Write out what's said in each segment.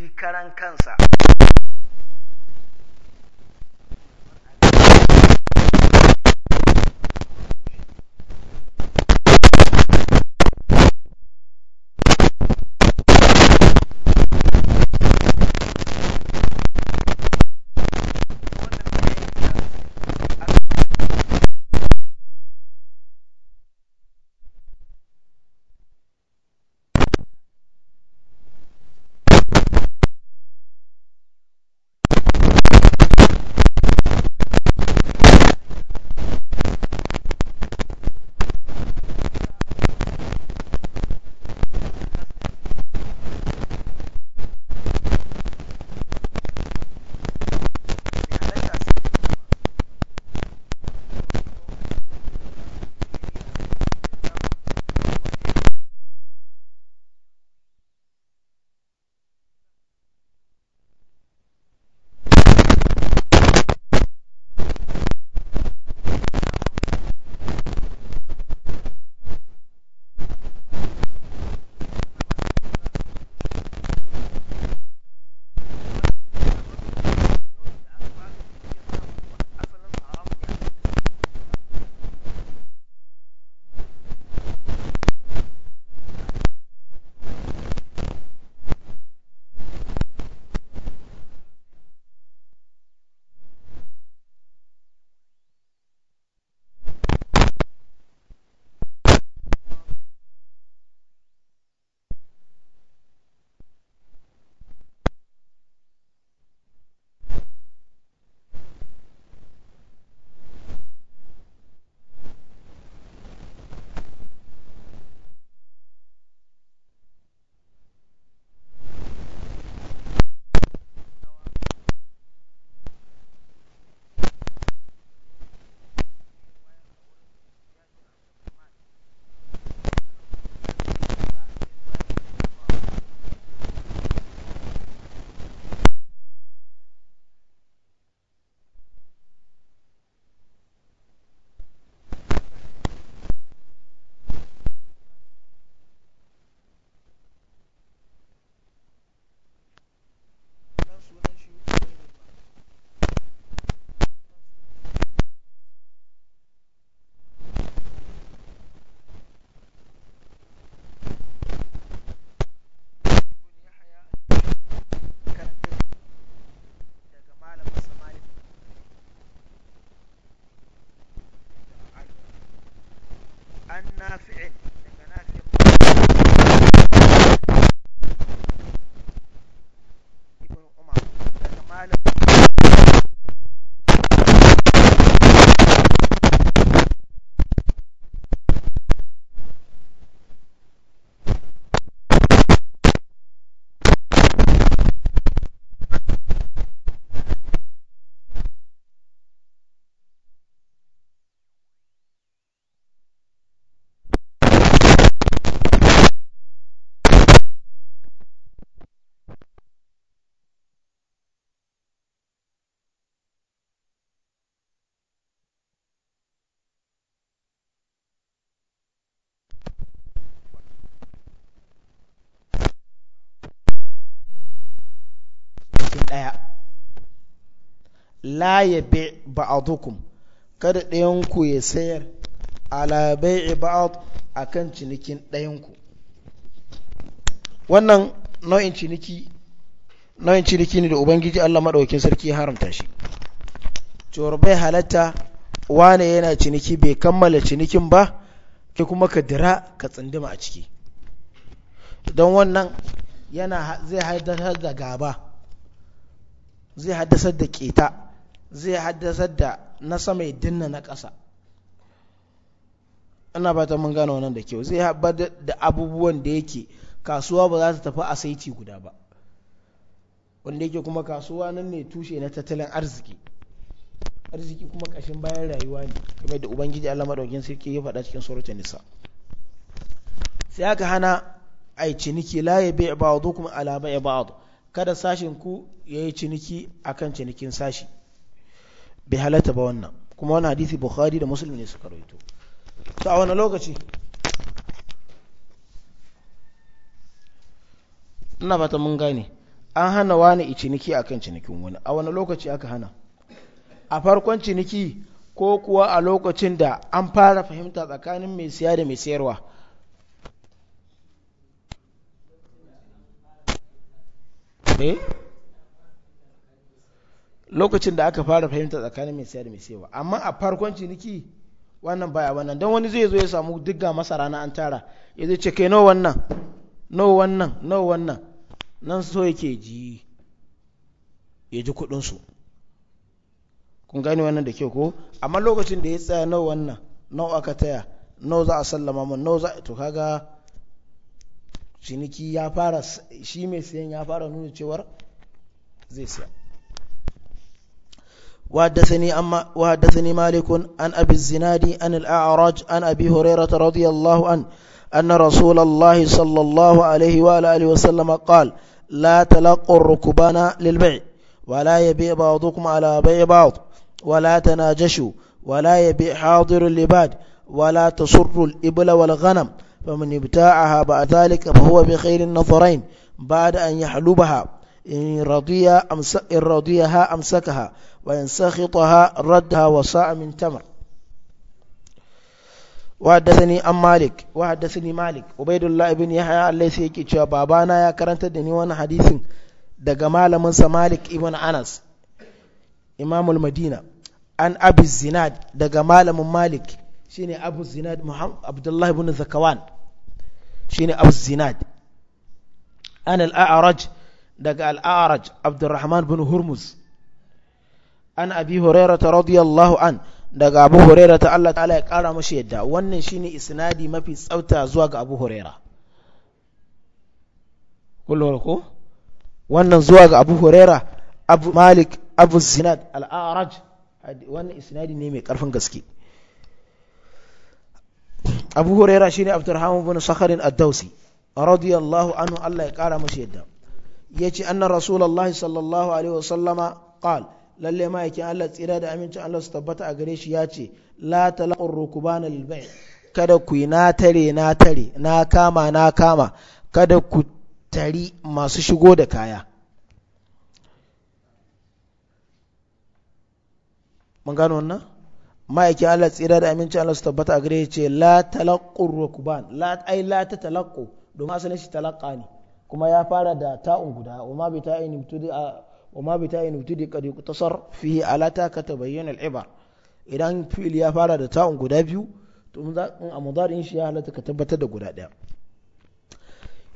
shi karan kansa النافع la yabi ba'dukum kada ɗayanku ya sayar ala bai'i ba'd akan cinikin ɗayan wannan nau'in ciniki nau'in ciniki ne da ubangiji Allah madaukakin sarki ya haramta shi cewar bai halatta wane yana ciniki bai kammala cinikin ba ke kuma ka dira ka tsindima a ciki don wannan yana zai haddasar da gaba zai haddasar da keta zai haddasar da na sama ya dinna na ƙasa ina ba ta mun gano wannan da kyau zai haɓar da abubuwan da yake kasuwa ba za ta tafi a saiti guda ba wanda yake kuma kasuwa nan ne tushe na tattalin arziki arziki kuma ƙashin bayan rayuwa ne kamar da ubangiji Allah madaukin sarki ya faɗa cikin suratul nisa sai aka hana ai ciniki la ya bai ba'dukum ala ya ba'd kada sashen ku yayi ciniki akan cinikin sashi bai halatta ba wannan kuma wani hadisi bukhari da musulmi ne suka rawaito to a wani lokaci ina fata mun gane an hana wani ciniki akan cinikin wani a wani lokaci aka hana a farkon ciniki ko kuwa a lokacin da an fara fahimta tsakanin mai siya da mai sayarwa eh lokacin da aka fara fahimta tsakanin mai sayar da mai sayarwa amma a farkon ciniki wannan baya wannan don wani zai zo ya samu digga masara na an tara ya zai ce kai no wannan no wannan no wannan nan so yake ji ya ji kudin su kun gane wannan da kyau ko amma lokacin da ya tsaya no wannan no aka taya no za a sallama mun no za to kaga ciniki ya fara shi mai sayan ya fara nuna cewar zai siya وحدثني أما وحدثني مالك عن أبي الزناد عن الأعرج عن أبي هريرة رضي الله عنه أن رسول الله صلى الله عليه وآله وسلم قال لا تلقوا الركبان للبيع ولا يبيع بعضكم على بيع بعض ولا تناجشوا ولا يبيع حاضر لباد ولا تصر الإبل والغنم فمن ابتاعها بعد ذلك فهو بخير النظرين بعد أن يحلبها إن رضيها أمسكها وإن سخطها ردها وصاع من تمر وحدثني أم مالك وحدثني مالك عبيد الله بن يحيى الليثي يكي cewa babana ya karanta da ni wani hadisin daga malamin sa Malik ibn Anas Imamul Madina an Abi Zinad daga malamin Malik shine Abu Zinad Muhammad Abdullah ibn Zakawan shine Abu Zinad an al-A'raj daga al-A'raj Abdurrahman an abi hurairata radiyallahu an daga abu hurairata Allah ta'ala ya kara mashi yadda wannan shine isnadi mafi tsauta zuwa ga abu huraira kullum ko wannan zuwa ga abu huraira abu malik abu zinad al'araj wannan isnadi ne mai karfin gaske abu huraira shine abdurrahman bin sakharin ad Dawsi. radiyallahu anhu Allah ya kara mashi yadda yace anna rasulullahi sallallahu alaihi wasallama qala lalle ma'aikin Allah tsira da amincin Allah su tabbata a gare shi ya ce la talaqur rukubana lil bay' kada ku yi na tare na tare na kama na kama kada ku tari masu shigo da kaya mun gano wannan ma'aikin Allah tsira da amincin Allah su tabbata a gare ce la talaqur rukban la ai la ta talaqqu domin asalin shi talaqqa ne kuma ya fara da ta'un guda wa ma bi ta'in tudu a وما بتاء يبتدي قد يقتصر فيه على تا كتبين العبر idan fi'il ya fara da ta'un guda biyu to in a mudarin shi ya halatta ka tabbatar da guda daya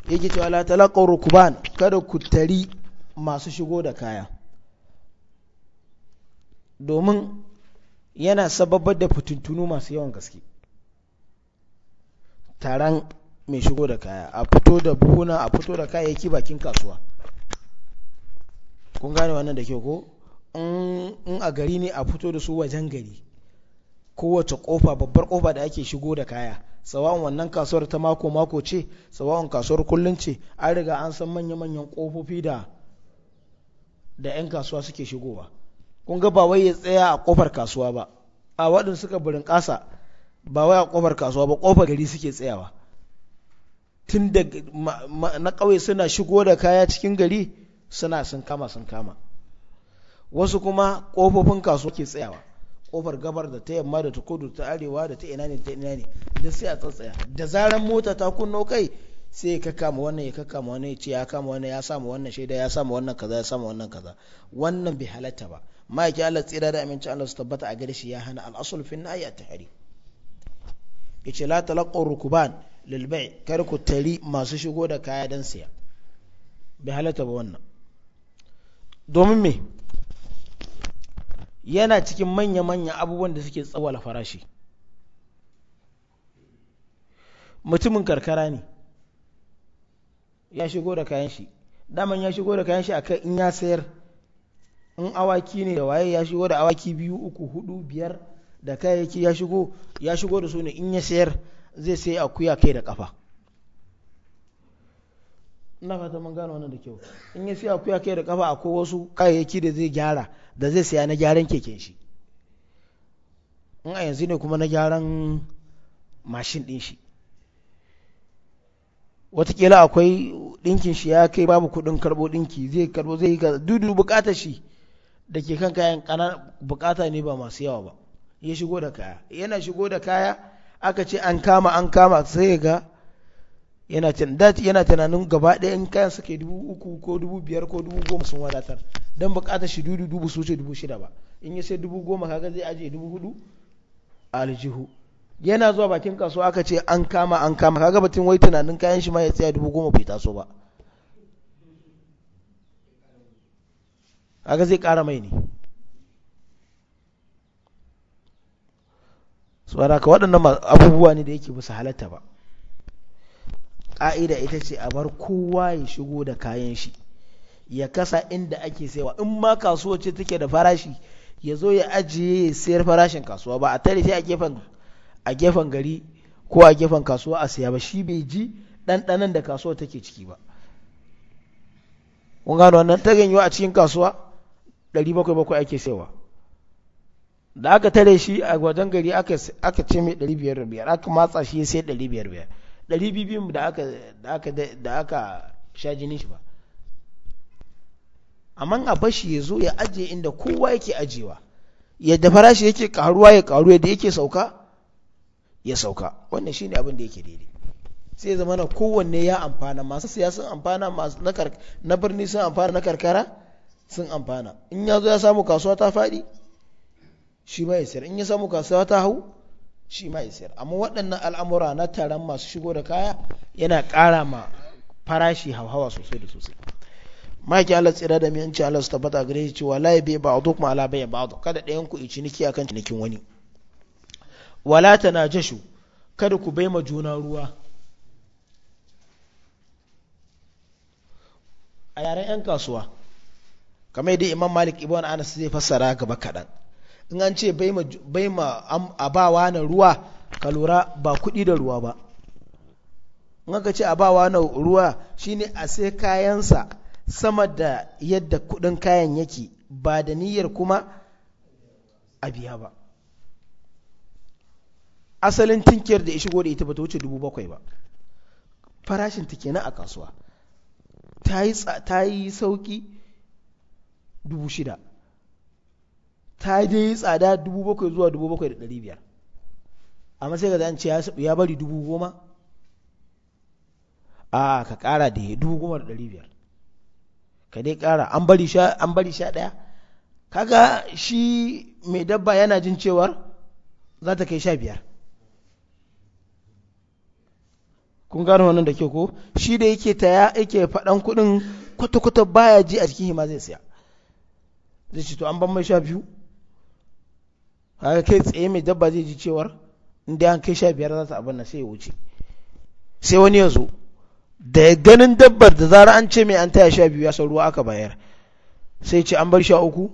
yake cewa la talaqaw rukban kada ku tari masu shigo da kaya domin yana sababar da fitintunu masu yawan gaske taron mai shigo da kaya a fito da buhuna a fito da kayayyaki bakin kasuwa kun gane wannan da ke ko in a gari ne a fito da su wajen gari kowace kofa babbar kofa da ake shigo da kaya sawa'un wannan kasuwar ta mako mako ce sawa'un kasuwar kullun ce an riga an san manya manyan kofofi da da 'yan kasuwa suke shigowa kun ga ba wai ya tsaya a kofar kasuwa ba a waɗin suka burin ƙasa ba wai a kofar kasuwa ba kofar gari suke tsayawa tun da na ƙauye suna shigo da kaya cikin gari suna sun kama sun kama wasu kuma kofofin kasuwa ke tsayawa ƙofar gabar da ta yamma da ta kudu ta arewa da ta ina ne ta ina ne da sai a tsatsaya da zaran mota ta kunno kai sai ya kakkama wannan ya kakkama wannan ya ce ya kama wannan ya samu wannan shaida ya samu wannan kaza ya samu wannan kaza wannan bai halatta ba ma'aiki Allah tsira da aminci Allah su tabbata a gare shi ya hana al'asul fi na'i a tahari yace la talaqqu rukuban lil bai' kar ku tari masu shigo da kaya dan siya bai halatta ba wannan domin me yana cikin manya-manya abubuwan da suke tsawala farashi mutumin karkara ne ya shigo da kayan shi daman ya shigo da kayan shi akan in ya sayar in awaki ne da waye ya shigo da awaki biyu uku hudu biyar da kayayyaki ya shigo ya shigo da su ne in ya sayar zai sai akuya kai da kafa ina fata mun gano wannan da kyau in ya siya akuya kai da kafa akwai wasu kayayyaki da zai gyara da zai siya na gyaran keken shi in a yanzu ne kuma na gyaran mashin din shi watakila akwai ɗinkin shi ya kai babu kuɗin karɓo ɗinki zai karɓo zai yi dudu buƙatar shi da ke kan kayan ƙanan buƙata ne ba masu yawa ba ya shigo da kaya yana shigo da kaya aka ce an kama an kama sai ga yana yana tunanin gaba ɗaya in kayan suke dubu uku ko dubu biyar ko dubu goma sun wadatar don bukatar shi dudu dubu su ce dubu shida ba in ya sai dubu goma kaga zai ajiye dubu hudu aljihu yana zuwa bakin kasuwa aka ce an kama an kama kaga batun wai tunanin kayan shi ma ya tsaya dubu goma bai taso ba kaga zai kara mai ne saboda ka waɗannan abubuwa ne da yake bisa halatta ba ƙa'ida ita ce a bar kowa ya shigo da kayan shi ya kasa inda ake saiwa in ma kasuwa ce take da farashi ya zo ya ajiye ya sayar farashin kasuwa ba a tare sai a gefen gari ko a gefen kasuwa a siya ba shi bai ji ɗanɗanan da kasuwa take ciki ba kun gano wannan ta ganyewa a cikin kasuwa ɗari bakwai bakwai ake saiwa da aka tare shi a wajen gari aka ce mai ɗari biyar biyar aka matsa shi sai biyar. ɗari biyu da aka da aka sha jinin shi ba amma a bashi ya zo ya ajiye inda kowa yake ajiyewa yadda farashi yake karuwa ya karu yadda yake sauka ya sauka wannan shine abin da yake daidai sai ya zama na kowanne ya amfana masu siya sun amfana masu na birni sun amfana na karkara sun amfana in ya zo ya samu kasuwa ta faɗi shi ma ya sayar in ya samu kasuwa ta hau shi ma sayar amma waɗannan al'amura na taron masu shigo da kaya yana ƙara ma farashi hauhawa sosai da sosai maki Allah tsira da miyanci Allah su tabbata gare shi cewa la yabi ba'duk ma la bayya ba'duk kada ɗayan ku ciniki akan cinikin wani wala tanajashu kada ku bai ma juna ruwa a yaren 'yan kasuwa kamar yadda imam malik ibn anas zai fassara gaba kaɗan in an ce bai ma a bawa na ruwa ka lura ba kuɗi da ruwa ba in aka ce a wa na ruwa shine a sai kayansa sama da yadda kuɗin kayan yake ba da niyyar kuma a biya ba asalin tinkiyar da ya shigo da ita ba ta wuce dubu bakwai ba farashin ta kenan a kasuwa ta yi sauki dubu shida ta yi tsada dubu bakwai zuwa dubu bakwai da biyar amma sai ga an ce ya bari dubu goma a ka kara da dubu goma da biyar ka dai kara an bari sha daya kaga shi mai dabba yana jin cewar za ta kai sha biyar kun gano wannan da ke ko shi da yake taya yake faɗan kuɗin kwata-kwata baya ji a cikin hima zai siya zai ce to an ban mai sha biyu kaga kai tsaye mai dabba zai ji cewar inda an kai sha biyar za ta abin sai ya wuce sai wani ya zo da ganin dabbar da zara an ce mai an taya sha biyu ya san ruwa aka bayar sai ce an bar sha uku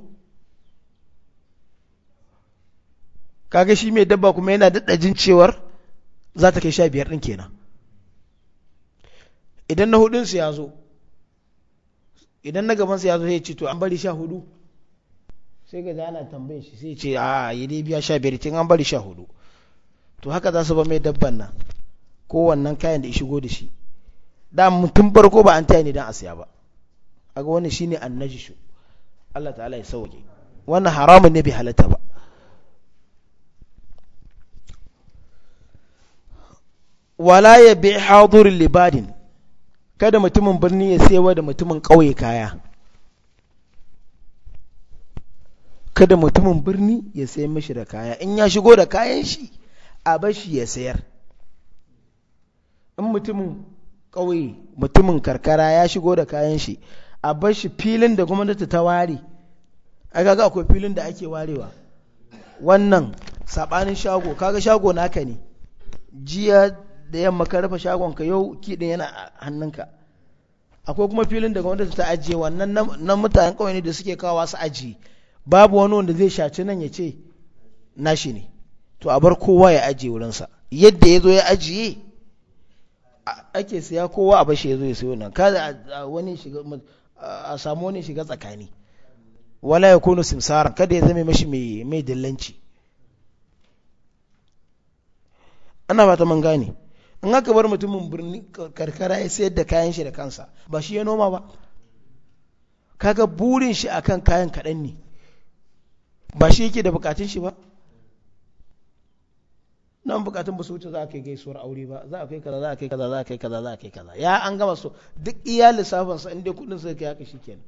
kaga shi mai dabba kuma yana jin cewar za ta kai sha biyar ɗin kenan idan na hudunsu ya zo idan na gabansu ya zo sai ce to an bari sha hudu sai ga ana tambaye shi sai ce a yi dai biya sha biyar tun an bari sha hudu to haka za su ba mai dabban nan ko wannan kayan da ya shigo da shi da mutum farko ba an taya ne don a siya ba a ga wani shine shi Allah ta'ala ya sauke wannan haramun ne bai halatta ba wala ya bi hadurin libadin kada mutumin birni ya sewa da mutumin ƙauye kaya kada mutumin birni ya sayar mashi da kaya in ya shigo da kayan shi a bashi ya sayar in mutumin ƙauye mutumin karkara ya shigo da kayan shi a bashi filin da gwamnati ta ware a kaga akwai filin da ake warewa wannan sabanin shago kaga shago naka ne jiya da yamma ka rufe shagon ka yau kiɗin yana hannunka akwai kuma filin da gwamnati ta ajiye wannan na mutanen ƙauye ne da suke kawo su ajiye babu wani wanda zai shaci nan ya ce nashi ne to a bar kowa ya ajiye wurinsa yadda ya zo ya ajiye ake siya kowa a bashi ya zo ya sayo nan kada wani shiga a samu wani shiga tsakani wala ya kono simsaran kada ya zama mashi mai dillanci ana ba ta man gane in aka bar mutumin birni karkara ya sayar da kayan shi da kansa ba shi ya noma ba kaga burin shi akan kayan kaɗan ne ba shi yake da bukatun shi ba nan bukatun ba su wuce za a kai gaisuwar aure ba za a kai kaza za a kai kaza za a kai kaza za a kai kaza ya an gama so duk iya lissafin sa inda kudin sa kai haka shikenan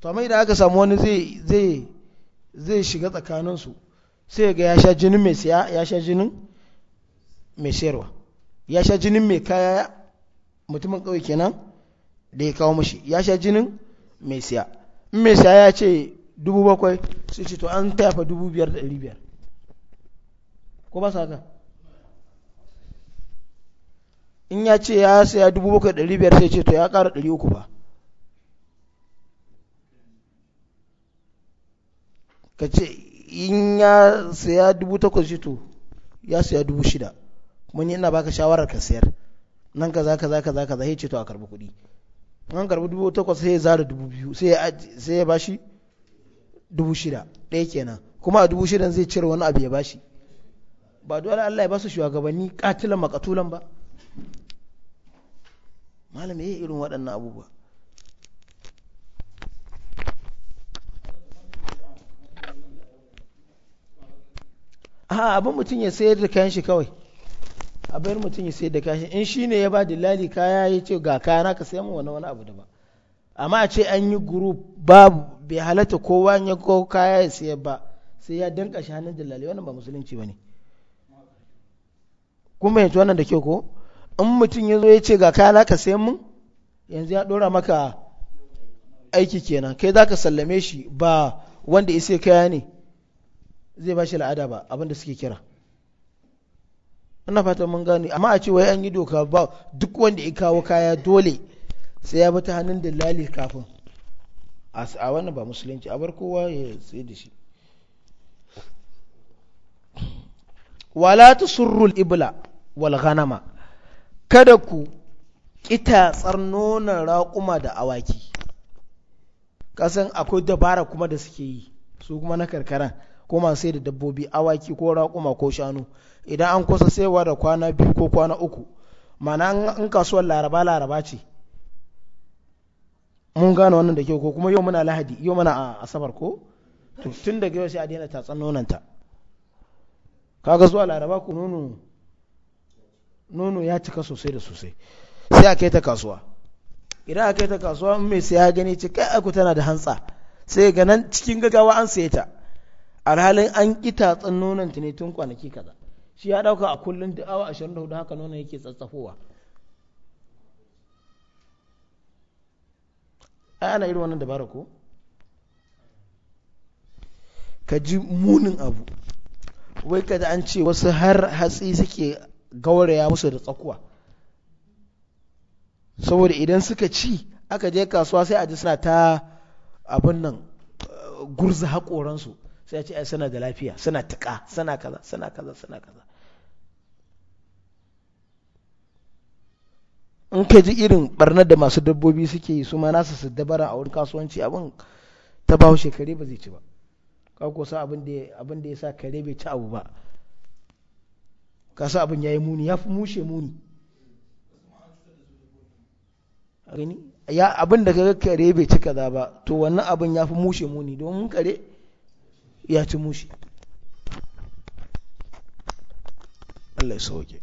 to amma idan aka samu wani zai zai zai shiga tsakanin su sai ga ya sha jinin mai siya ya sha jinin mai sayarwa ya sha jinin mai kaya mutumin kauye kenan da ya kawo mishi ya sha jinin mai siya in mai siya ya ce dubu bakwai sai ce to an taya fa dubu biyar da ɗari biyar ko ba sa haka in ya ce ya saya dubu bakwai ɗari biyar sai ce to ya ƙara ɗari uku ba ka ce in ya saya dubu takwas shi to ya saya dubu shida kuma ni ina baka shawarar ka sayar nan kaza kaza kaza ka za ce to a karbi kuɗi an karbi dubu takwas sai ya zara dubu biyu sai ya bashi dubu shida ɗaya kenan kuma a dubu shidan zai cire wani abu ya bashi ba dole Allah ya basu shugabanni katilan makatulan ba malam ya irin waɗannan abubuwa a abin mutum ya sayar da kayan shi kawai abin mutum ya sayar da kayan shi in shi ne ya ba dillali kaya ya ce ga kaya na ka sayan wani wani abu da ba amma a ce an yi group babu bai halatta kowa ya ko kaya ya sayar ba sai ya danka shi hannun dillali wannan ba musulunci ba ne kuma yanzu wannan da ke ko in mutum ya zo ya ce ga kaya ka sayan mun yanzu ya ɗora maka aiki kenan kai za ka sallame shi ba wanda ya sai kaya ne zai ba shi la'ada ba abinda suke kira ina fata mun gane amma a ce wai an yi doka ba duk wanda ya kawo kaya dole sai ya bi ta hannun dillali kafin a wannan ba musulunci a bar kowa ya tsaye da shi wala surrul ibla wal ghanama kada ku kitatsar nonon raƙuma da awaki kasan akwai dabara kuma da suke yi su kuma na karkara ko sai da dabbobi awaki ko raƙuma ko shanu idan an kusa saiwa da kwana biyu ko kwana uku mana in kasuwar laraba laraba ce mun gane wannan da kyau ko kuma yau muna lahadi yau muna a asabar ko to tun daga yau sai a daina tatsan ta kaga zuwa laraba ku nono nono ya cika sosai da sosai sai a kai ta kasuwa idan a kai ta kasuwa in mai saya gani ce kai aku tana da hantsa sai ga nan cikin gaggawa an saye ta alhalin an ki tatsan nonanta ne tun kwanaki kaza shi ya dauka a kullun duk awa 24 haka nono yake tsatsafowa ana irin wannan dabara ko ka ji munin abu wai kada an ce wasu har hatsi suke gauraya musu da tsakuwa saboda idan suka ci aka je kasuwa sai a ji suna ta abin nan gurza haƙoransu sai a ce ai suna da lafiya suna tuka suna kaza suna kaza suna kaza in ka ji irin barnar da masu dabbobi suke yi su ma nasu su dabara a wurin kasuwanci abin ta bahu shekare ba zai ci ba ka ko sa abin da ya sa kare bai ci abu ba ka sa abin ya yi muni ya fi mushe muni ya abin da ga kare bai ci kaza ba to wannan abin ya fi mushe muni domin kare ya ci mushe Allah ya sauke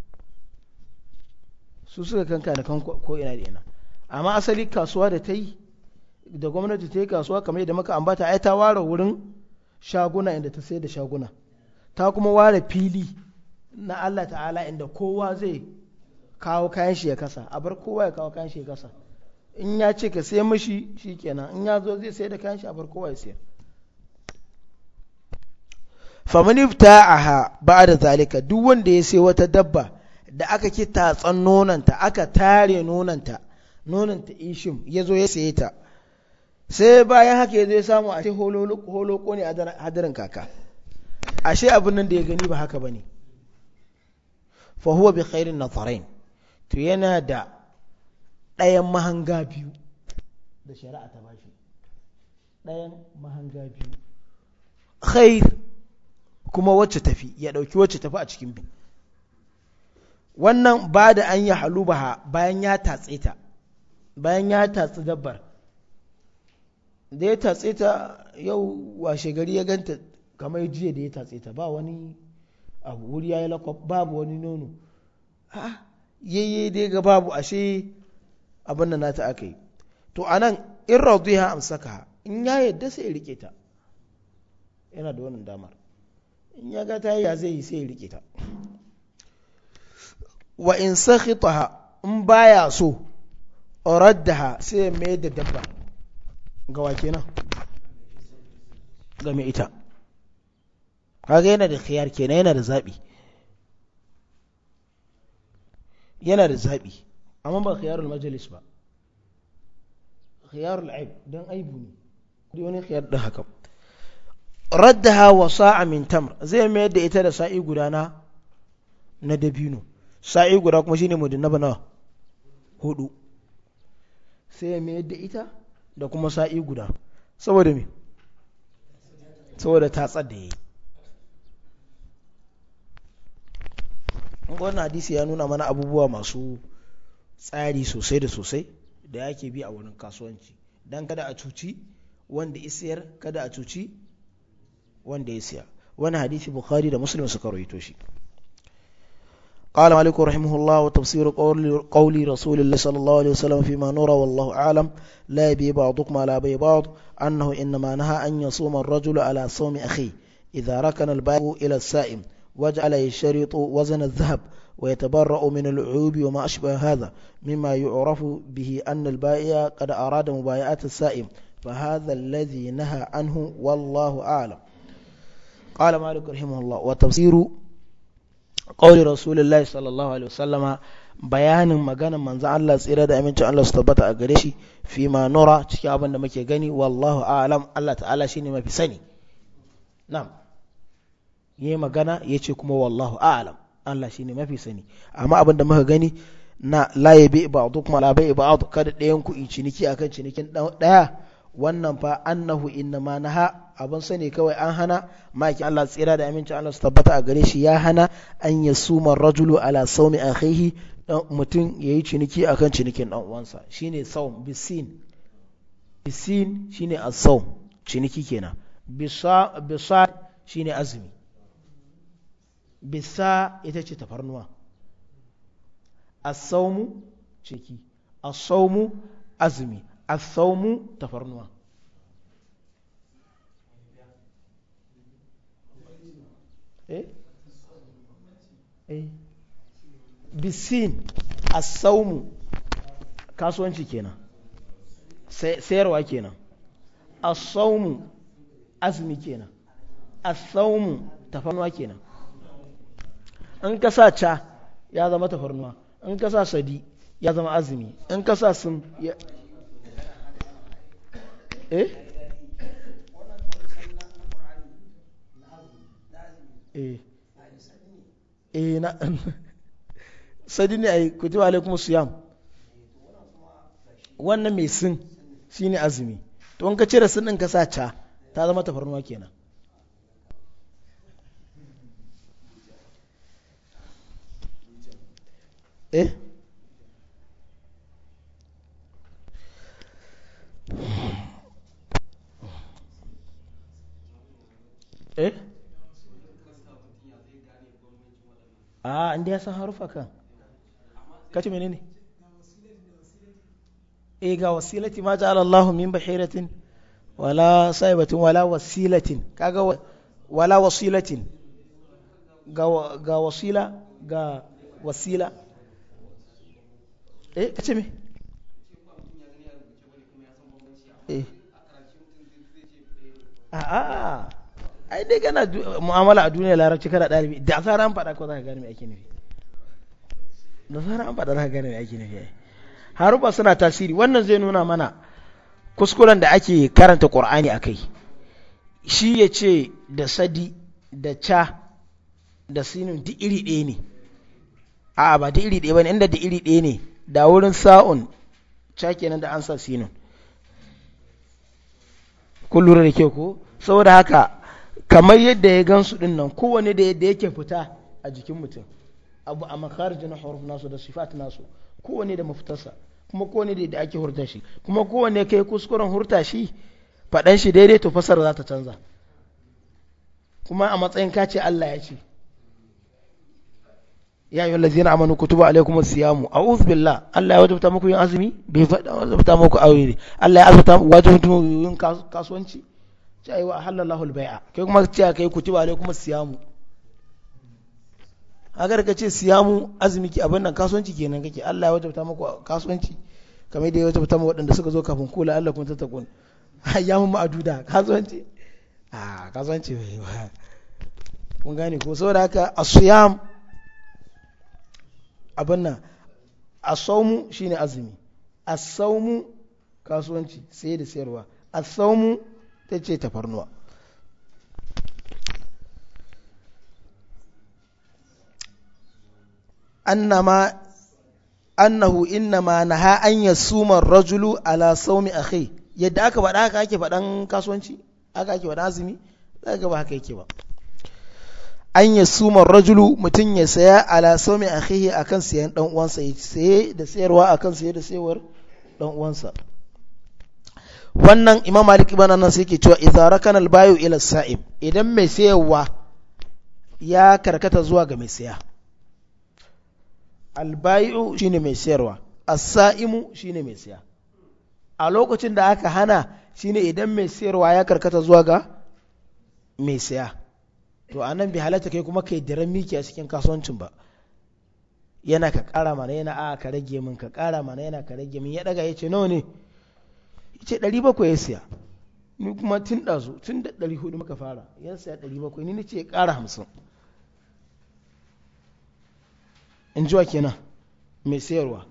su suka kanka da kanko ko ina da ina amma asali kasuwa da ta yi da gwamnati ta yi kasuwa kamar yadda maka ambata ai ta ware wurin shaguna inda ta sayar da shaguna ta kuma ware fili na Allah ta'ala inda kowa zai kawo kayan shi ya kasa a bar kowa ya kawo kayan shi ya kasa in ya ce ka sai mashi shikenan in ya zo zai sayar da kayan shi a bar kowa ya sayar faman ifta'aha ba'da zalika duk wanda ya sai wata dabba da aka ki tatsan nonanta aka tare nonanta nonanta ishim ya zo ya saye ta sai bayan haka ya zo ya samu ashe holoko ne a hadarin kaka ashe abin nan da ya gani ba haka ba ne fahuwa bi khairin nazarain to yana da ɗayan mahanga biyu da shari'a ta bashi ɗayan mahanga biyu khair kuma wacce tafi ya ɗauki wacce tafi a cikin biyu wannan ba da an yi halubaha bayan ya tatse ta bayan ya tatsi dabbar da ya tatse ta yau washe gari ya ganta kamar jiya da ya tatse ta ba wani abu wuri ya yi lakwa babu wani nono ha yayye dai ga babu ashe abin da nata aka yi to a nan in raudu ya amsaka in ya yadda sai ya rike ta yana da wannan damar in ya ga ta yi ya zai yi sai ya rike ta wa in sakhitaha in baya so raddaha sai mai da dabba ga wa kenan ga mai ita kaga yana da khiyar kenan yana da zabi yana da zabi amma ba khiyarul majalis ba khiyarul aib dan aibu ne dai wani khiyar din haka raddaha wa sa'a min tamr zai mai da ita da sa'i gudana na dabino sa'i guda kuma shine mudannaba nawa hudu sai ya mayar da ita da kuma sa'i guda saboda me saboda tatsar da yayi wannan hadisi ya nuna mana abubuwa masu tsari sosai da sosai da yake bi a wurin kasuwanci don kada a cuci wanda isiyar kada a cuci wanda ya siya wani hadisi bukhari da muslim suka rawaito shi قال مالك رحمه الله وتفسير قول قول رسول الله صلى الله عليه وسلم فيما نرى والله أعلم لا يبي بعضكم على بي بعض أنه إنما نهى أن يصوم الرجل على صوم أخيه إذا ركن البائع إلى السائم وجعل يشترط وزن الذهب ويتبرأ من العيوب وما أشبه هذا مما يعرف به أن البائع قد أراد مبايعة السائم فهذا الذي نهى عنه والله أعلم قال مالك رحمه الله وتفسير ƙauri rasulullahi sallallahu alaihi wasallama bayanin magana manzan Allah tsira da amincin Allah su tabbata a gare shi fi ma nura cikin abin da muke gani wallahu a'lam Allah ta'ala shine mafi sani na'am yayi magana yace kuma wallahu a'lam Allah shine mafi sani amma abin da muka gani na la yabi ba'dukum la bai ba'd kada ɗayan ku ciniki akan cinikin ɗaya wannan fa annahu innama naha abun sani kawai an hana maki Allah tsira da aminci Allah su tabbata a gare shi ya hana an ya suma rajulu ala saumi akhihi mutum yayi ciniki akan cinikin dan uwansa shine saum bisin bisin shine as ciniki kenan bisa bisa shine azumi bisa ita ce tafarnuwa as ciki as-saumu azumi Asaumu tafarnuwa eh eh bisin as kasuwanci kenan sayarwa kenan asaumu sawmu azumi kenan asaumu tafarnuwa kenan in ka sa ca ya zama tafarnuwa in ka sa sadi ya zama azumi in ka sa sun Eh? eh eh na sadi ne ai kutiba alaikum siyam wannan mai sin shine azumi to in ka cire sin din ka sa ca ta zama tafarnuwa kenan eh eh a ah, inda ya san harufa kan kace menene eh ga wasilati ma ja'ala Allah min bahiratin wala saibatin wala wasilatin kaga wala wasilatin ga ga wasila ga wasila eh kace me eh a ah, a ah. ai dai kana mu'amala a duniya larabci kana ɗalibi da fara an faɗa ko za ka gane me ake nufi da fara an faɗa za ka gane me ake nufi haruba suna tasiri wannan zai nuna mana kuskuren da ake karanta qur'ani akai shi ya ce da sadi da ca da sinin duk iri ɗaya ne a ba duk iri ɗaya ba ne inda duk iri ɗaya ne da wurin sa'un ca kenan da an sa sinin kun lura da ke ko saboda haka kamar yadda ya gansu din nan kowane da yadda yake fita a jikin mutum abu a makarji na huruf nasu da sifat nasu kowane da mafitarsa kuma kowane da yadda ake hurta shi kuma kowane kai kuskuren hurta shi faɗan shi daidai to fasar za ta canza kuma a matsayin kace Allah ya ce ya yi wallazina amanu kutuba alaikum siyamu a'udhu billah Allah ya wajabta muku yin azumi bai faɗa wajabta muku ne Allah ya wajabta muku yin kasuwanci sai ayi wa halallahu bai'a kai kuma ce kai kutiba alaikum siyamu agar da ce siyamu azumi ki abin nan kasuwanci kenan kake Allah ya wajabta maka kasuwanci kamar da ya wajabta maka waɗanda suka zo kafin kula Allah kun tattakun ayyamun aduda kasuwanci ah kasuwanci bai ba kun gane ko saboda haka asiyam abin nan asawmu shine azumi asawmu kasuwanci sai da sayarwa asawmu ta ce tafarnuwa annama annahu innama naha an yasuma rajulu ala saumi kai yadda aka faɗa aka ake faɗan kasuwanci aka ake faɗan azumi ka ba haka yake ba an yasuma rajulu mutum ya saya ala saumi akhihi akan sayan dan uwansa ya saye da sayarwa akan saye da sayarwar dan uwansa wannan imam malik ibn anas yake cewa idza rakana al bayu ila sa'im idan mai sayarwa ya karkata zuwa ga mai saya al bayu shine mai sayarwa as-sa'imu shine mai saya a lokacin da aka hana shine idan mai sayarwa ya karkata zuwa ga mai saya to anan bi halatta kai kuma kai daren miki a cikin kasuwancin ba yana ka kara mana yana a ka rage min ka kara mana yana ka rage min ya daga yace nawa ne ce ɗari bakwai ya siya ni kuma tun ɗazu tun da ɗari hudu muka fara ya siya ɗari bakwai ni ce ya ƙara hamsin in jiwa kenan mai sayarwa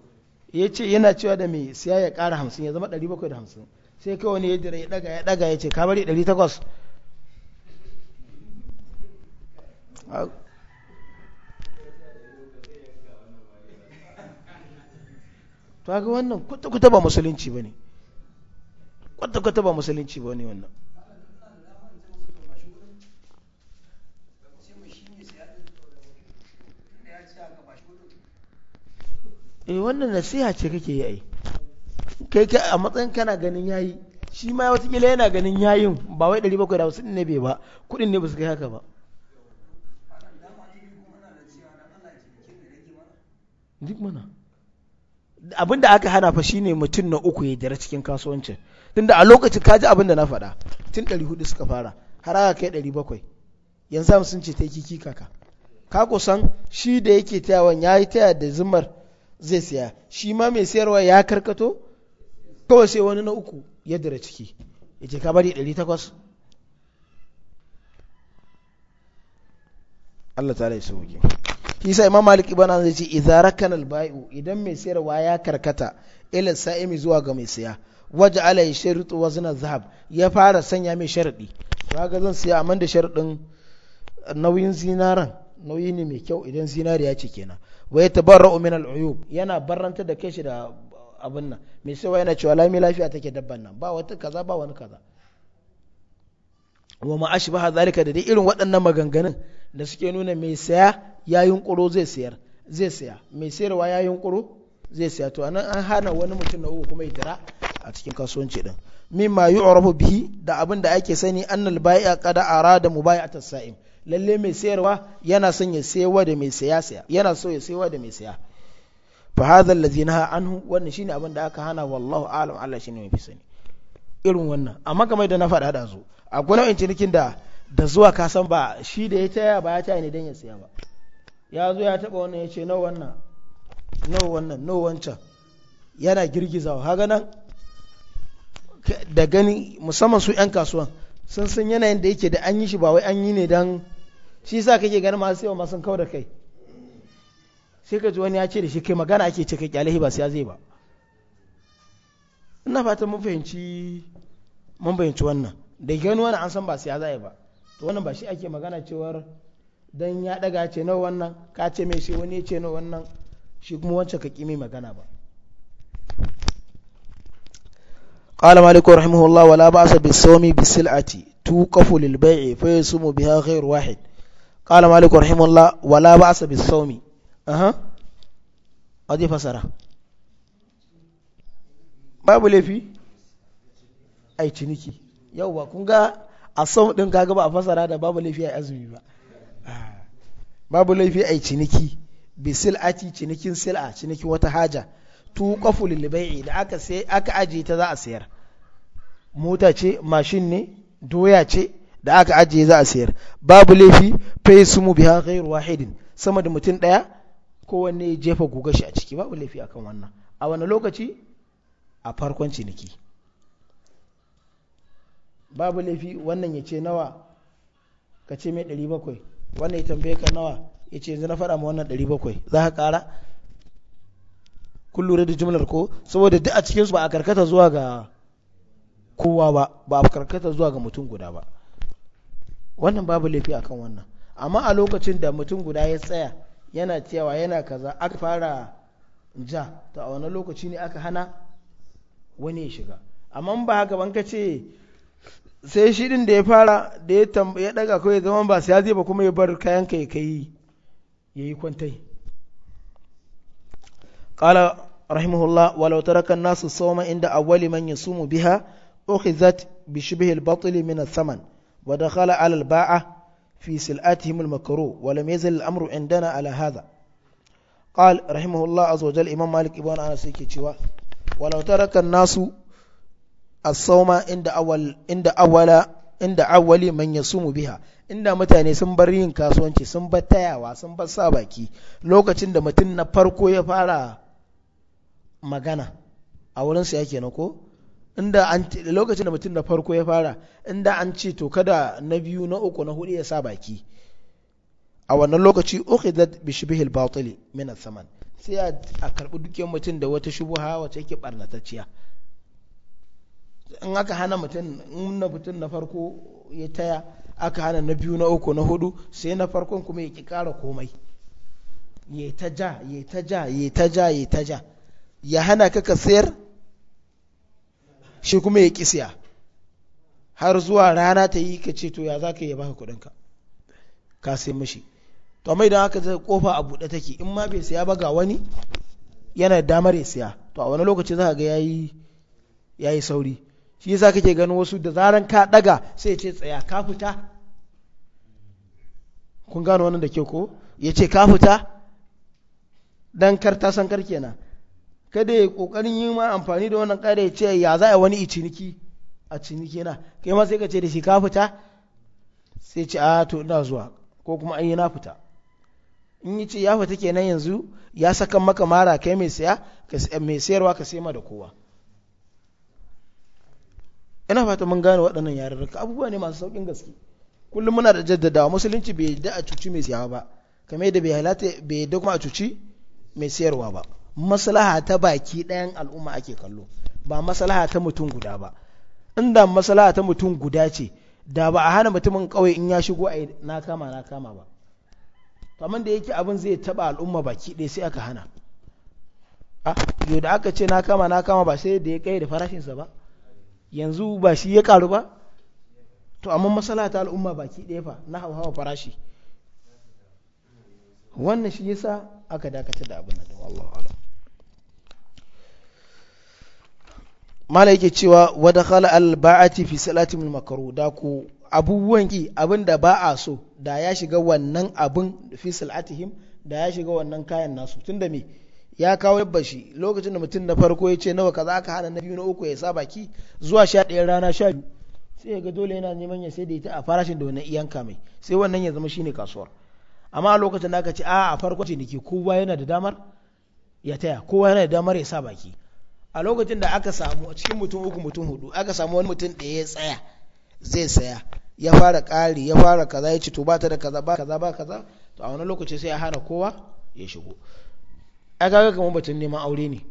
ya ce yana cewa da mai siya ya ƙara hamsin ya zama ɗari bakwai da hamsin sai kawai wani ya jira ya ɗaga ya ɗaga ya ce ka bari ɗari takwas to ga wannan kuta-kuta ba musulunci ba ne kwata-kwata ba musulunci ba ne wannan e wannan nasiha ce kake yi kai ka a matsayin kana ganin yayi shi ma watakila yana ganin yayin ba wai 750 ne ba kudin ne ba su kai haka ba duk mana abinda aka hana fa shine mutum na uku ya jira cikin kasuwancin tunda a lokacin kaji abin da na faɗa tun 400 suka fara har aka kai 700 yanzu sun ce ta kiki kaka ka kusan shi da yake tayawan ya yi taya da zumar zai siya shi ma mai sayarwa ya karkato kawai sai wani na uku ya dira ciki ya ce ka bari 800 Allah ta rai sauki Isa Imam Malik ibana zai ce idza rakana baiu idan mai sayarwa ya karkata ilin sa'imi zuwa ga mai siya waje ala ya sharitu zina zahab ya fara sanya mai sharaɗi ga zan siya amma da sharaɗin nauyin zinaran nauyi ne mai kyau idan zinari ya ce kenan wa yatabarra'u min al yana barranta da kai shi da abin nan mai sai yana cewa lami lafiya take dabban nan ba wata kaza ba wani kaza wa ba ha zalika da dai irin waɗannan maganganun da suke nuna mai saya ya yunkuro zai sayar zai saya mai sayarwa ya yunkuro zai saya to anan an hana wani mutum na uku kuma ya tara a cikin kasuwanci din mimma yu'rafu bihi da abin da ake sani annal bai'a qad arada mubai'atas sa'im lalle mai sayarwa yana son ya sayawa da mai saya saya yana so ya sayawa da mai saya fa hadha allazi naha anhu wannan shine abin da aka hana wallahu a'lam Allah shine mai sani irin wannan amma kamar da na faɗa da zo akwai nau'in cinikin da da zuwa ka san ba shi da ya taya ba ya taya ne dan ya saya ba ya zo ya taba wannan ya ce nawa wannan nawa wannan nawa wancan yana girgizawa haga nan da gani musamman su 'yan kasuwan sun san yanayin da yake da an yi shi ba wai an yi ne don shi sa kake gani masu yawa masu kawo da kai sai ka ji wani ya ce da shi kai magana ake ce kai kyalehi ba sai ya zai ba ina fatan mun fahimci mun fahimci wannan da gani wani an san ba sai ya zai ba to wannan ba shi ake magana cewar dan ya daga ce nawa wannan ka ce mai shi wani ya ce nawa wannan shi kuma wancan ka kimi magana ba قال مالك رحمه الله ولا بأس بالصوم بالسلعة توقف للبيع فيصوم بها غير واحد قال مالك رحمه الله ولا بأس بالصوم أها أدي فسرة babu laifi a yi ciniki yauwa kun ga a sau ɗin kaga ba a fasara da babu laifi a azumi babu laifi a ciniki bi sil'ati cinikin sil'a cinikin wata haja Tuƙafu lil da aka sai aka aje ta za a sayar mota ce mashin ne doya ce da aka ajiye za a sayar babu laifi fai su mu biya ghairu wahidin sama da mutum daya wanne ya jefa guga shi a ciki babu laifi akan wannan a wani lokaci a farkon ciniki babu laifi wannan ya ce nawa ka ce mai 700 wannan ya tambaye ka nawa ya ce yanzu na faɗa ma wannan 700 za ka ƙara kun lura da jumlar ko saboda duk a cikinsu ba a karkata zuwa ga kowa ba ba a karkata zuwa ga mutum guda ba wannan babu laifi akan wannan amma a lokacin da mutum guda ya tsaya yana cewa yana kaza aka fara ja ta a wannan lokaci ne aka hana wani ya shiga amma ba haka ban ka ce sai shi din da ya fara da ya daga kawai zaman ba sai ya zai ba kuma ya bar kayan ka kai yayi kwantai قال رحمه الله ولو ترك الناس الصوم عند أول من يصوم بها أخذت بشبه البطل من الثمن ودخل على الباعة في سلعتهم المكروه ولم يزل الأمر عندنا على هذا قال رحمه الله عز وجل إمام مالك ابن أنس يكتشوا ولو ترك الناس الصوم عند أول عند أول عند أول من يصوم بها inda mutane sun bar yin kasuwanci sun bar tayawa sun bar sa baki lokacin da mutum na farko ya fara magana a wurin ya kenan ko inda an lokacin da mutum da farko ya fara inda an ce to kada na biyu na uku na hudu ya sa baki a wannan lokaci ukhidat bi shibhil batil min saman sai a karbi dukiyar mutum da wata shubuha wace yake barnatacciya in aka hana mutum in na mutum na farko ya taya aka hana na biyu na uku na hudu sai na farkon kuma ya ki kara komai ya ta ja ya ta ja ya ta ja ya ta ja ya hana ka ka sayar shi kuma ya kisiya har zuwa rana ta yi ka ce to ya za ka yi baka kudinka ka sai mashi to mai idan aka zai kofa a buɗe take in ma bai siya ba ga wani yana damar ya siya to a wani lokaci za ka ga yayi yayi sauri shi yasa kake ganin wasu da zaran ka daga sai ya ce tsaya ka fita kun gano wannan da ke ko ya ce ka fita dan kar ta san kar kenan kada ya kokarin yi ma amfani da wannan ƙara ya ce ya za a wani ciniki a ciniki na kai ma sai ka ce da shi ka fita sai ce a to ina zuwa ko kuma an yi na fita in yi ce ya fita kenan yanzu ya saka maka mara kai mai saya mai sayarwa ka sai ma da kowa ina fata mun gane waɗannan yarurruka abubuwa ne masu sauƙin gaske kullum muna da jaddadawa musulunci bai yadda a cuci mai siyawa ba kamar yadda bai halata bai yadda kuma a cuci mai siyarwa ba maslaha ta baki ɗayan al'umma ake kallo ba maslaha ta mutum guda ba inda maslaha ta mutum guda ce da ba a hana mutumin kawai in ya shigo a na kama na kama ba kamar da yake abin zai taba al'umma baki ɗaya sai aka hana a yau da aka ce na kama na kama ba sai da ya kai da farashinsa ba yanzu ba shi ya karu ba to amma masala ta al'umma baki ɗaya fa na hauhawa farashi wannan shi yasa aka dakatar da abin da wallahi mala yake cewa wada khala al ba'ati fi salati min makruh da ku abubuwan ki abin da ba a so da ya shiga wannan abin fi salatihim da ya shiga wannan kayan nasu tunda me ya kawo yabba lokacin da mutum na farko ya ce nawa kaza aka hana na biyu na uku ya sa baki zuwa sha ɗaya rana sha biyu sai ga dole yana neman ya sai da ita a farashin da wannan iyanka mai sai wannan ya zama shine kasuwar amma a lokacin da aka ce a a farko ce nake kowa yana da damar ya taya kowa yana da damar ya sa baki a lokacin da aka samu a cikin mutum uku mutum hudu aka samu wani mutum da ya tsaya zai saya ya fara ƙari ya fara kaza ya ce to ba ta da kaza ba kaza ba kaza to a wani lokaci sai ya hana kowa ya shigo ai kaga kamar batun neman aure ne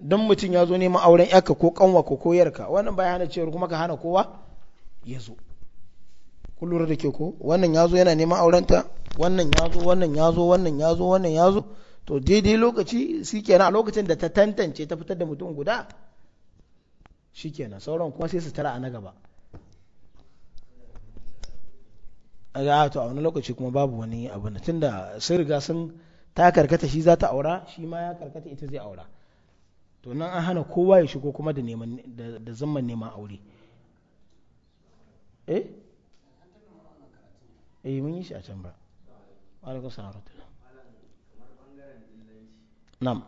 don mutum ya zo neman auren yarka ko kanwa ko koyarka wannan bai hana cewar kuma ka hana kowa ya zo kun lura da ke ko wannan ya zo yana neman aurenta wannan ya zo wannan ya zo wannan ya zo wannan ya zo to daidai lokaci shi kenan a lokacin da ta tantance ta fitar da mutum guda shi kenan sauran kuma sai su tara a na gaba a to a wani lokaci kuma babu wani abu na tunda sun riga sun ta karkata shi za ta aura shi ma ya karkata ita zai aura to nan an hana kowa ya shigo kuma da neman da zaman neman aure eh eh mun yi shi a can ba alaikum salam na'am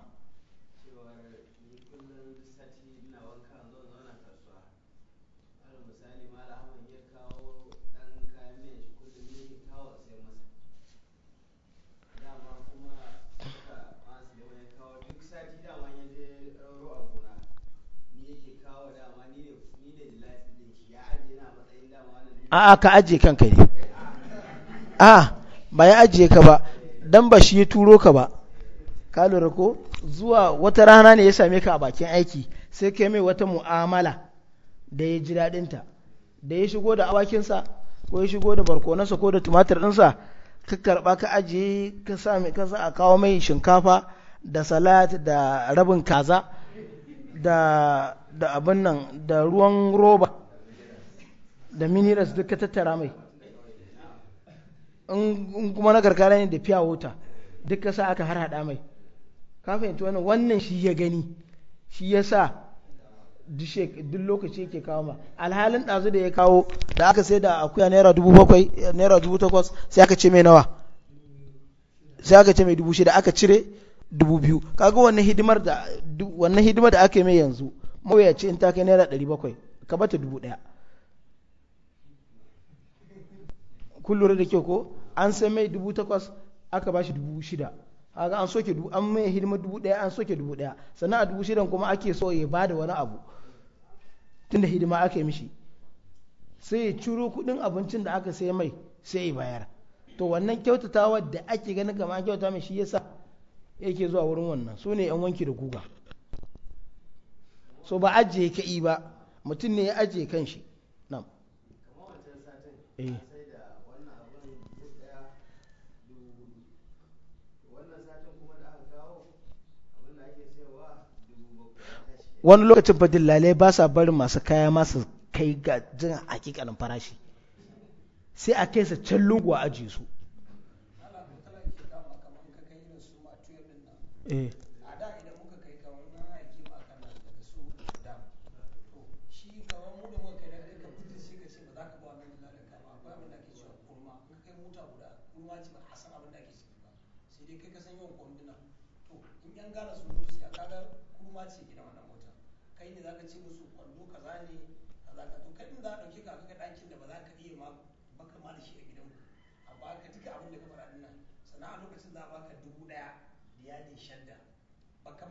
a'a ka ajiye kanka ne a ba ya ajiye ka ba dan ba shi ya turo ka ba ka lura ko zuwa wata rana ne ya same ka a bakin aiki sai kai mai wata mu'amala da ya ji daɗinta da ya shigo da awakinsa ko ya shigo da barkonansa ko da tumatir ɗinsa ka karɓa ka ajiye ka sa mai a kawo mai shinkafa da salat da rabin kaza da abin nan da ruwan roba da miniras duk ka tattara mai in kuma na karkara ne da fiya wuta duk ka sa aka har haɗa mai kafin tuwa wannan shi ya gani shi ya sa duk lokaci yake kawo ma alhalin ɗazu da ya kawo da aka sai da akuya naira dubu bakwai eh, naira dubu takwas sai aka ce mai nawa sai aka ce mai dubu shida aka cire dubu biyu kaga wannan hidimar da wannan hidimar da aka yi mai yanzu mawuyaci in ta kai naira ɗari bakwai ka bata dubu ɗaya kun da kyau ko an sai mai dubu takwas aka ba shi dubu shida kaga an soke dubu an mai hidima dubu ɗaya an soke dubu ɗaya sannan a dubu shidan kuma ake so ya bada wani abu tunda hidima aka yi mishi sai ya ciro kuɗin abincin da aka sai mai sai ya bayar to wannan kyautatawa da ake ganin kamar an kyauta mai shi yasa yake zuwa wurin wannan su ne yan wanki da guga so ba ajiye ka'i ba mutum ne ya ajiye kanshi nan wani lokacin fa dillalai ba sa barin masu kaya masu kai ga jin hakikanin farashi sai a kai su can lungu a ajiye su eh.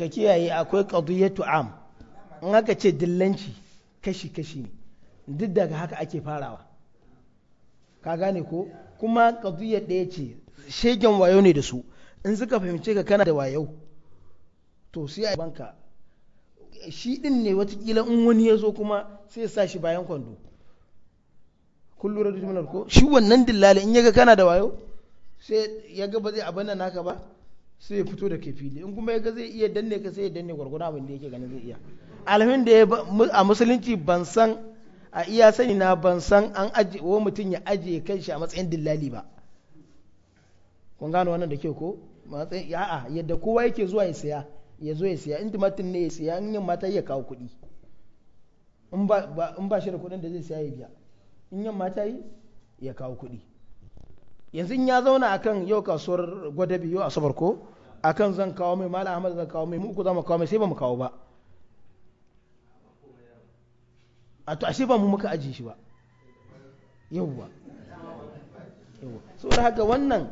ka kiyaye akwai qadiyatu am in aka ce dillanci kashi kashi ne duk daga haka ake farawa ka gane ko kuma qadiyya ɗaya ce shegen wayo ne da su in suka fahimce ka kana da wayo to sai a banka shi din ne watakila in wani ya zo kuma sai sa shi bayan kwando kun lura da ko shi wannan dillali in ya yaga kana da wayo sai ya ga ba zai abin naka ba sai ya fito da ke fili in kuma yaga zai iya danne ka sai ya danne gwargwado abin da yake ganin zai iya alhamin da a musulunci ban san a iya sani na ban san an aje wa mutum ya aje kanshi a matsayin dillali ba kun gano wannan da ke ko matsayin a'a yadda kowa yake zuwa ya siya ya zo ya siya in tumatin ne ya siya in yin mata ya kawo kuɗi in ba shi da kuɗin da zai siya ya biya in yin mata yi ya kawo kuɗi yanzu in ya zauna akan yau kasuwar gwadabi yau asabar ko akan zan kawo mai mala ahmad zan kawo mai mu uku zamu kawo mai sai ba mu kawo ba a to ashe ba mu muka aji shi ba yauwa yauwa da haka wannan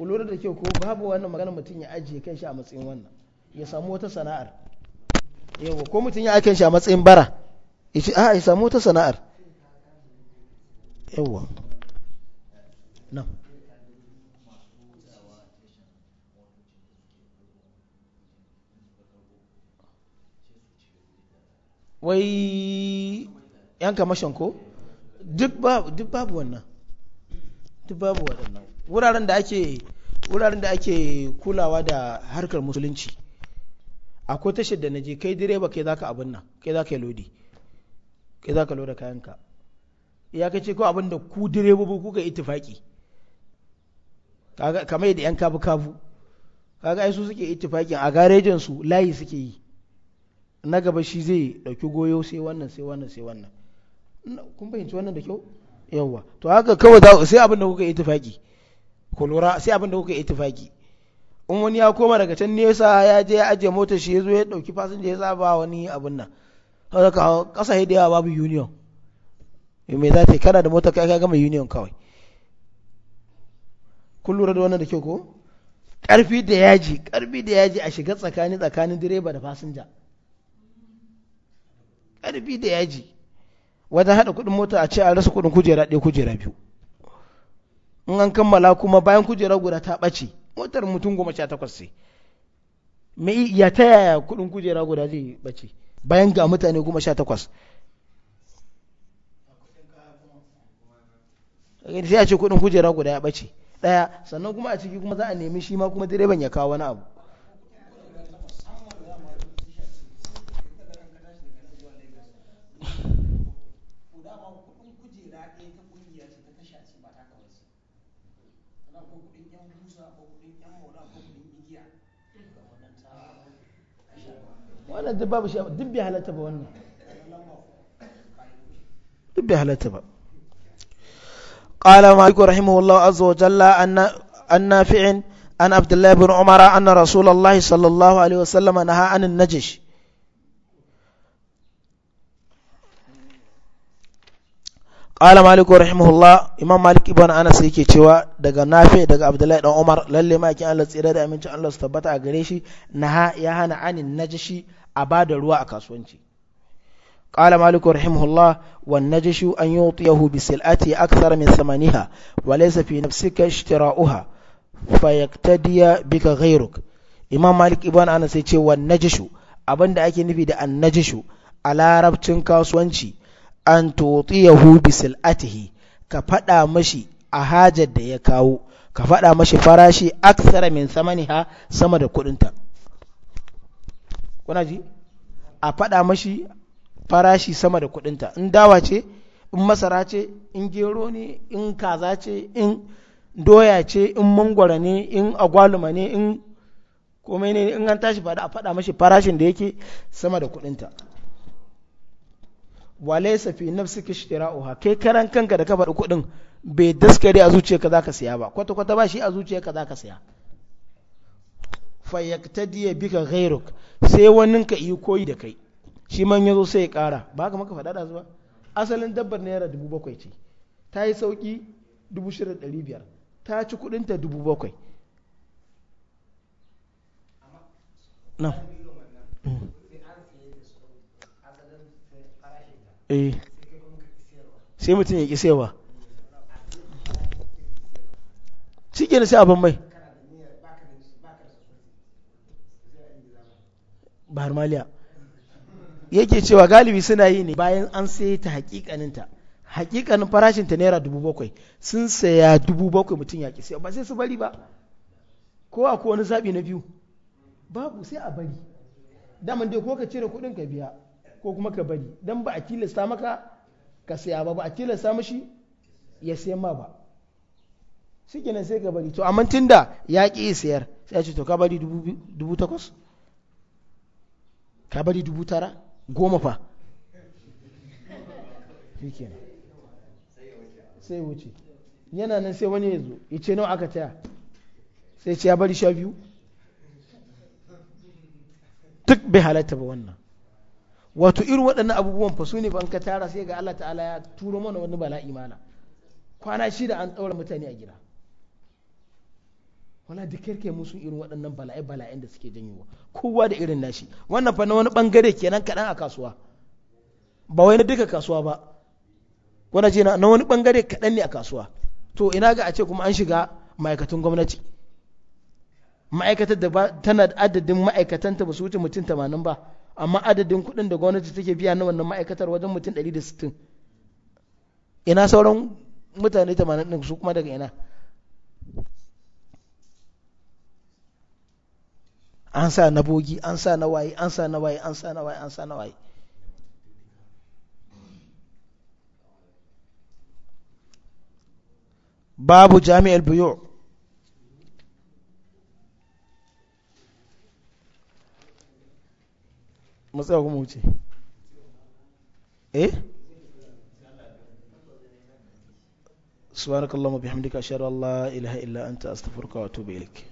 ku lura da kyau ko babu wannan magana mutum ya ajiye kan shi a matsayin wannan ya samu wata sana'ar yauwa ko mutum ya ajiye shi a matsayin bara yace a ya samu wata sana'ar yauwa No. wai yan kamashin ko duk babu wannan duk babu waɗannan wuraren da ake wuraren da ake kulawa da harkar musulunci akwai tashar da naje kai direba kai zaka abin nan kai zaka lodi kai zaka loda kayanka ya kace ko abin da ku ku kuka ittifaki kamar yadda yan kabu kabu kaga ai su suke ittifakin a garejin su layi suke yi na gaba shi zai dauki goyo sai wannan sai wannan sai wannan kun fahimci wannan da kyau yawwa to haka kawai sai abin da kuka yi ku lura sai abin da kuka tufaki in wani ya koma daga can nesa ya je ya ajiye motar shi ya zo ya dauki fasinja ya zaba wani abin nan saboda kasa da yawa babu union eh, me za ta yi kana da motar kai ka gama union kawai kun lura da wannan da kyau ko karfi da yaji karfi da yaji a shiga tsakani tsakanin direba da fasinja ƙarfi da yaji wajen haɗa kuɗin mota a ce a rasa kuɗin kujera ɗaya kujera biyu in an kammala kuma bayan kujera guda ta ɓace motar mutum goma sha takwas sai me ya ta yaya kuɗin kujera guda zai ɓace bayan ga mutane goma sha takwas sai a ce kuɗin kujera guda ya ɓace ɗaya sannan kuma a ciki kuma za a nemi shi ma kuma direban ya kawo wani abu wannan duk babu shi duk bai halatta ba wannan duk bai halatta ba قال مالك رحمه الله عز وجل أن النافع عن عبد الله بن عمر أن رسول الله صلى الله عليه وسلم نهى عن النجش قال مالك رحمه الله إمام مالك ابن أنس yake cewa daga Nafi daga Abdullahi dan Umar lalle ma yake Allah tsira da aminci Allah su tabbata a gare shi naha ya hana an a ba da ruwa a kasuwanci. Ƙala Maliku Rahimahullah wanne ji shu an min samani ha wale safi Imam Malik Ibuwan ana sai ake nufi da an a larabcin kasuwanci an ta ka faɗa mashi a hajjar da ya kawo. ka faɗa mashi farashi aksara min samaniha sama da kudin kuna ji a faɗa mashi farashi sama da kuɗinta in dawa ce in masara ce in gero ne in kaza ce in doya ce in mangwara ne in agwaluma ne in komai ne in an tashi faɗa a faɗa mashi farashin da yake sama da kuɗinta su kishi nafsika shira'uha kai karan kanka da ka faɗi kuɗin bai daskare a zuciyarka ka siya ba kwata kwata ba shi a zuciyarka ka siya fayaktadiya bika ghairuk sai ka yi koyi da kai shi man yazo sai ya kara ba ka maka faɗaɗa da zuwa asalin dabbar naira dubu bakwai ce ta yi sauki dubu shirin ɗari biyar ta ci kuɗinta dubu bakwai na eh. sai mutum ya ƙi saiwa cikin sai a mai bahar maliya yake cewa galibi suna yi ne bayan an sai ta hakikaninta hakikanin farashin ta naira dubu bakwai sun saya dubu bakwai mutum ya ki ba sai su bari ba ko a ko wani zaɓi na biyu babu sai a bari daman dai ko ka cire kuɗin ka biya ko kuma ka bari dan ba a tilasta maka ka saya ba ba a tilasta mashi ya sayan ma ba shi sai ka bari to amma tunda ya ki sayar sai ya ce to ka bari dubu takwas ka bari dubu tara goma fa sai wuce yana nan sai wani ya zo ya ce nawa aka taya sai ce ya bari sha biyu duk bai halatta ba wannan wato irin waɗannan abubuwan fa su ne ban ka tara sai ga Allah ta'ala ya turo mana wani bala'i mana kwana shida an ɗaura mutane a gida wala duk yarke musu irin waɗannan bala'ai bala'in da suke janyowa kowa da irin nashi wannan fa na wani bangare kenan kaɗan a kasuwa ba wai na duka kasuwa ba wani ce na wani bangare kaɗan ne a kasuwa to ina ga a ce kuma an shiga ma'aikatan gwamnati ma'aikatar da tana da adadin ma'aikatanta ba su wuce mutum tamanin ba amma adadin kuɗin da gwamnati take biya na wannan ma'aikatar wajen mutum ɗari da sittin ina sauran mutane tamanin ɗin su kuma daga ina an sa na bogi an sa na waye an sa na waye an sa na waye an sa na waye babu jami'ar biyu matsaya kuma wuce eh subhanakallahumma bihamdika ashhadu an la ilaha illa anta astaghfiruka wa atubu ilayk